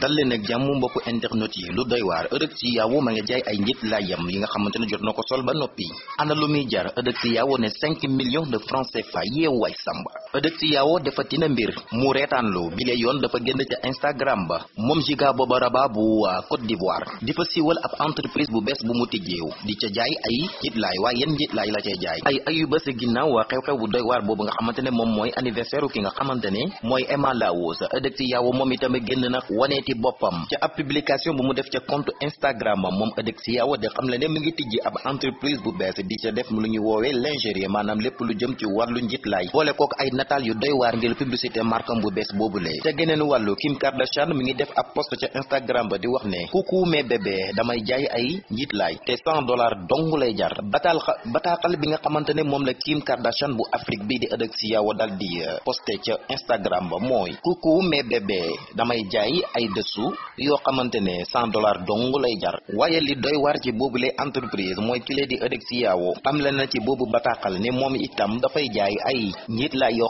dal leen ak jàmm mbokku internet yi lu doy waar ëdëg ci yaawo ma nga jaay ay laa laayam yi nga xamante ne jot na ko sol ba noppi ana lu muy jar ëdëg ci yaawo ne cinq millions de francs CFA yeew waay samba Odiawo defati na mbir mu reetaanlu bile yoon dafa génn ca Instagram ba moom Giga Boba Raba bu Côte d'Ivoire di fa siiwal ab entreprise bu bees bu mu tijjeew di ca jaay ay njiitlaay waaye yéen njiitlaay la cay jaay ay ayu bés ginnaaw xew-xew bu doy waar boobu nga xamante ne moom mooy anniversaire ki nga xamante ne mooy Emma Lawo sa Odiawo moom itam génn na waneeti boppam ca ab publication bu mu def ca compte Instagram am moom Odiawo de xam le ne mu ngi tijji ab bu bees di ca lu ñuy woowee lingerie maanaam lépp lu jëm ci wàllu njiitlaay boole kook nataal yu doy waar ngir publicité markam bu bees boobule ca geneen wàllu Kim Kardashian mi ngi def ab post ca Instagram ba di wax ne kuku mes damay jaay ay njiit laay te cent dong lay jar bataal bataaxal bi nga xamante ne moom la Kim Kardashian bu Afrique bi di Adexia wa dal di eh, posté ca Instagram ba mooy kuku mes bébé damay jaay ay dessous yoo xamante ne cent dollars dong lay jar waaye li doy waar ci boobule entreprise mooy kile di Adexia am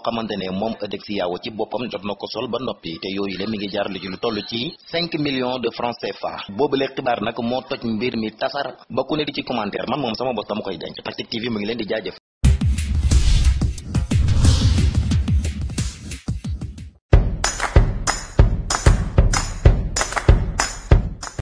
xamante ne moom ëdëg si yaaw ci boppam jot na ko sol ba noppi te yooyu le mi ngi jaar lu ci lu toll ci cinq millions de francs CFA boobule xibaar nag moo toj mbir mi tasar ba ku ne di ci commentaire man moom sama bos dama koy denc Tactic TV mu ngi leen di jaajëf